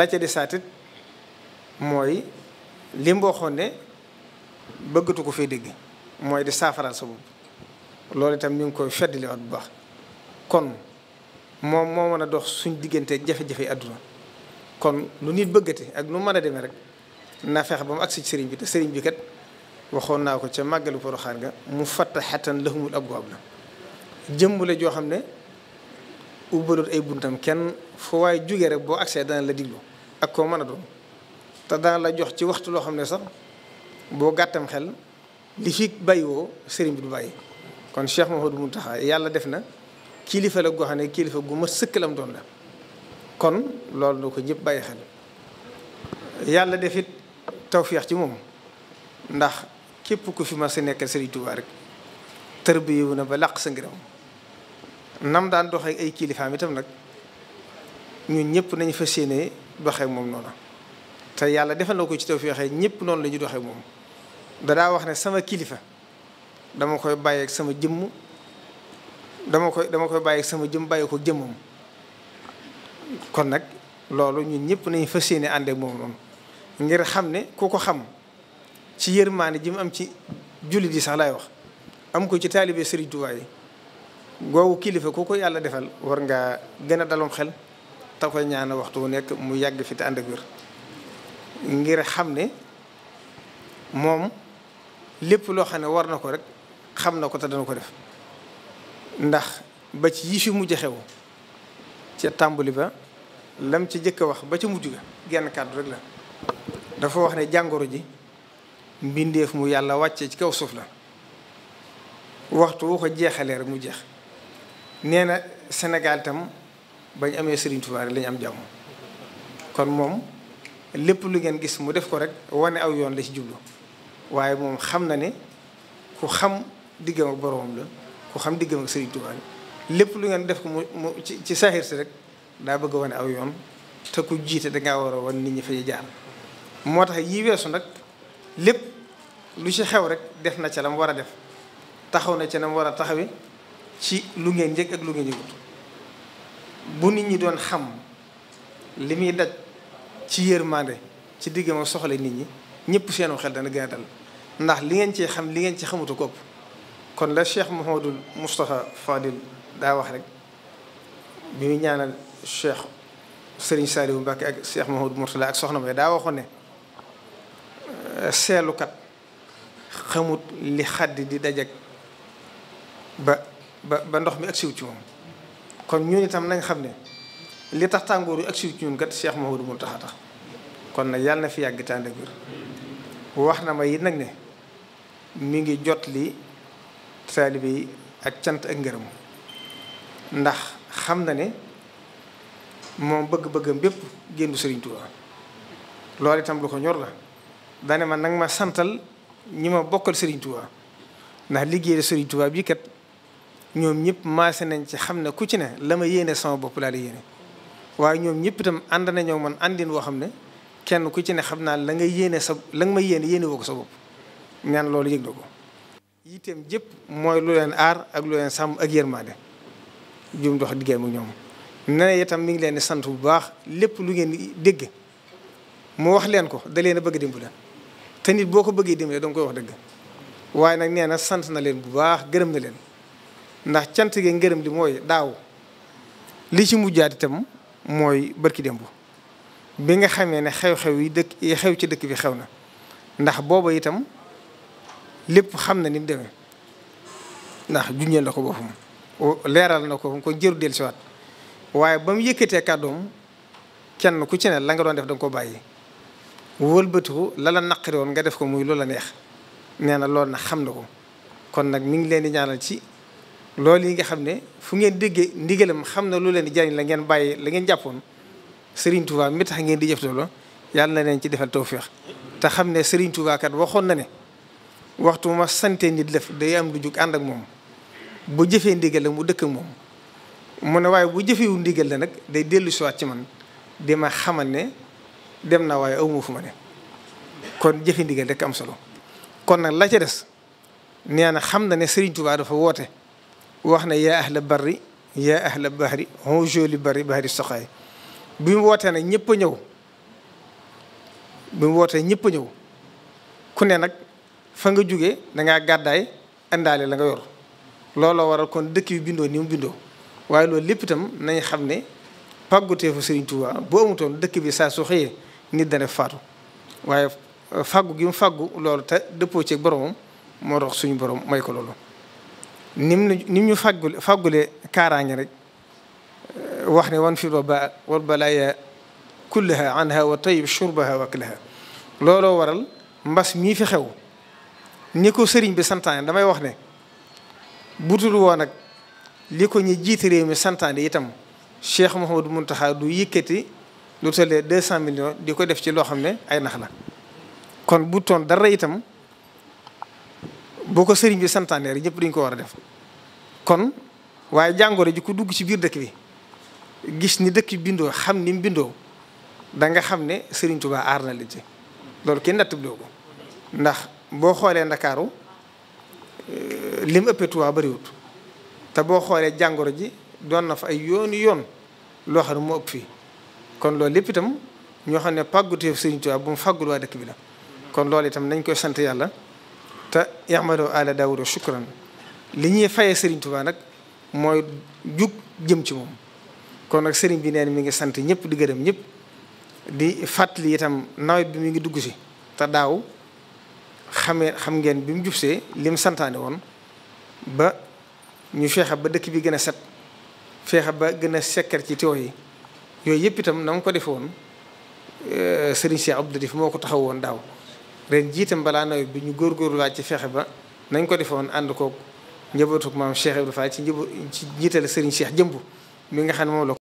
la ca di saatit mooy li mu waxoon ne bëggatu ko fee dégg mooy di saafaraal sa bopp loolu itam ñu ngi koy feddliwaat bu baax kon moom moo mën a dox suñ diggantee jafe-jafe àdduna kon lu nit bëggate ak nu mën a demee rek na feex ba mu agsi sëriñ bi te sëriñ bi kat waxoon naa ko ca màggalu poroxaan ga mu fattaxatan lahumul abwaab la jëmb la joo xam ne ubbalut ay buntam kenn fu waaye jóge rek boo agsee dana la diglu أكو من أدرو تدان لا جوخ تي وقت لو خامني بو غاتم خيل لي بايو سيرين بي باي شيخ محمود منتها يالا ديفنا كيليفا لا غوخاني كيليفا غو ما سكلام دون لا كون لول نوكو جيب باي خيل يالا ديفيت توفيق تي موم ndax képp ku fi ma si nekk Serigne Touba rek tërbiyé wu na ba làq sa ngiram nam daan doxee doxee moom noonu te yàlla defal na ko ci tawfeex ñëpp noonu la ñuy doxee moom. dadaa wax ne sama kilifa dama koy bàyyeek sama jëmm dama koy dama koy bàyyeeg sama jëm bàyyi ko jëmmam kon nag loolu ñun ñëpp nañu fas yéene ànd moom noonu ngir xam ne ku ko xam ci yërmaane ji mu am ci jullit yi sax laay wax am ko ci taalibe Sëriñ Tuubaa googu kilifa ku ko yàlla defal war nga gën a daloom xel. تقول إني أنا وقت ونيك مياج في تاندغير غير خامنئ مم لبلو خانة وارنا كورك خامنئ كتادنو كورف نخ بتشيشو مجهو تامبوليبا لم تجيك واخ بتشو مجهو جان كادرلا دفعوا خانة جانغورجي بنديف ميالا واتشي كوسوفلا وقت وخ جيه خلير مجه نينا سنغال تامو bañ amee Serigne Touba rek la am jàmm kon moom lépp lu ngeen gis mu def ko rek wane aw yoon la ci jublu waaye moom xam na ni ku xam diggam ak boromam la ku xam diggam ak Serigne Touba lépp lu ngeen def ko mu mu ci ci saaxiir si rek daa bëgg a wane aw yoon te ku jiite dangaa war a wane nit ñi fa ñu jaar moo tax yii nag lépp lu ci xew rek def na ca la war a def taxaw na ca la mu war a taxawi ci lu ngeen yëg ak lu ngeen yëgut bu nit ñi doon xam li muy daj ci yërmande ci digg ma soxla nit ñi ñëpp seen xel dana gën a dal ndax li ngeen ci xam li ngeen ci xamutu kopp kon la Cheikh Mouhamadul Moustapha Fadil daa wax rek bi muy ñaanal Cheikh Serigne Saliou Mbacké ak Cheikh Mouhamadou Mourtala ak soxna May daa waxoon ne seelukat xamut li xaddi di dajeg ba ba ba ndox mi ak siw ci moom kon ñun itam nañ xam ne li tax tàngoor ak ci ñun gat Cheikh Mouhamadou Mountakha tax kon na yàlla na fi yàgg tànde gur wér wax na ma it nag ne mi ngi jot li taalibe yi ak cant ak ngërëm ndax xam na ne moom bëgg-bëggam bépp génn Serigne Touba loolu itam lu ko ñor la dane man nag ma santal ñi ma bokkal Serigne Touba ndax liggéey Serigne Touba bi kat. ñoom ñëpp maase nañ ci xam ne ku ci ne la ma yéene sama bopp laa la yéene waaye ñoom ñëpp itam ànd nañoo man àndin woo xam ne kenn ku ci ne xam naa la nga yéene sa la nga ma yéene yéene woo ko sa bopp ñaan loolu yëg na ko. yitteem jëpp mooy lu leen aar ak lu leen sàmm ak yërmaande jum dox diggéem ak ñoom nee itam mi ngi leen di sant bu baax lépp lu ngeen dégg mu wax leen ko da leen a bëgg dimbali te nit boo ko bëggee dimbali da nga koy wax dëgg waaye nag nee na sant na leen bu baax gërëm na leen. ndax cant gi ngërëm li mooy daaw li ci mujjaat itam mooy barki démb bi nga xamee ne xew-xew yi dëkk yi xew ci dëkk bi xew na ndax booba itam lépp xam na ni mu demee ndax junjee na ko boppam leeral na ko kon jëru del siwaat waaye ba mu kàddoom kenn ku ci la nga doon def da ko bàyyi wëlbatiku la la woon nga def ko muy loola neex nee na lool na xam na ko kon nag mi ngi leen ñaanal ci loolu yi nga xam ne fu ngeen déggee ndigalam xam na lu leen di jariñ la ngeen bàyyi la ngeen jàppoon Serigne Touba mi tax ngeen di jëf loolu yàlla na leen ci defal tawféex te xam ne Serigne Touba waxoon na ne waxtu ma sante def day am du ànd ak moom bu jëfee ndigal la mu dëkk moom mu ne waaye bu jëfewu ndigal nag day dellu ci man di ma xamal ne dem naa waaye awma fu ma ne kon jëfe ndigal am solo kon nag la ca des nee na xam na ne Serigne Touba dafa woote. wax ne yaa ahla barri yaa ahla bahri hon joli bari bari soxaay bi mu wootee nag ñëpp a ñëw bi mu wootee ñëpp a ñëw ku ne nag fa nga jóge dangaa gàddaay indaale la nga yor looloo waral kon dëkk bi bindoo ni mu bindoo waaye loolu lépp itam nañ xam ne fu Sëriñ Tuuba boo amutoon dëkk bi saa su xëyee nit dana faatu waaye fàggu gi mu fàggu loolu te dëppoo ci boromam moo tax suñu borom may ko loolu nim la nim ñu faggul faggule kaaraange rek wax ne wan fi ba wal balaaya kullaha anha wa tayib shurbaha wa aklaha looloo waral mbas mii fi xew ni ko sëriñ bi santaane damay wax ne butul woon ak li ko ñu jiite réew mi santaane itam Cheikh Mouhamadou Mountakha du yëkkati lu tollee deux cent millions di ko def ci loo xam ne ay nax la kon bu toon dara itam boo ko sëriñ bi santaane rek ñëpp dañu ko war a def kon waaye jàngoro ji ku dugg ci biir dëkk bi gis ni dëkk bindoo xam ni mu bindoo da nga xam ne sëriñ Tuubaa aar na li ci loolu kenn natt ko ndax boo xoolee ndakaaru euh, lim ëppee Tuubaa bariwut te boo xoolee jàngoro ji doon na fa ay yoon yoon loo xam ne moo ëpp kon loolu lépp ñoo xam ne pàgguteef sëriñ Tuubaa bu dëkk bi la kon loolu itam nañ koy sant yàlla te yamalu ala daawuda shukran li ñuy fayee sëriñ Touba nag mooy jug jëm ci moom kon nag sëriñ bi neen mi ngi sant ñëpp di gërëm ñëpp di fàttali itam nawet bi mi ngi dugg si te daaw xamee xam ngeen bi mu jubsee lim santaane woon ba ñu feexa ba dëkk bi gën a set feexa ba gën a sekkar ci tio yi yooyu yëpp itam na mu ko defe woon euh, Serigne Cheikh Abdou moo ko taxaw woon daaw ren jiitam balaa nawet bi ñu góor góor góorgóorluwaat ci fexe ba nañ ko defoon ànd koog njabootuk maam Cheikh Ibrahima Fall ci njëbo ci njiitale Serigne Cheikh jëmb mi nga xam ne moom la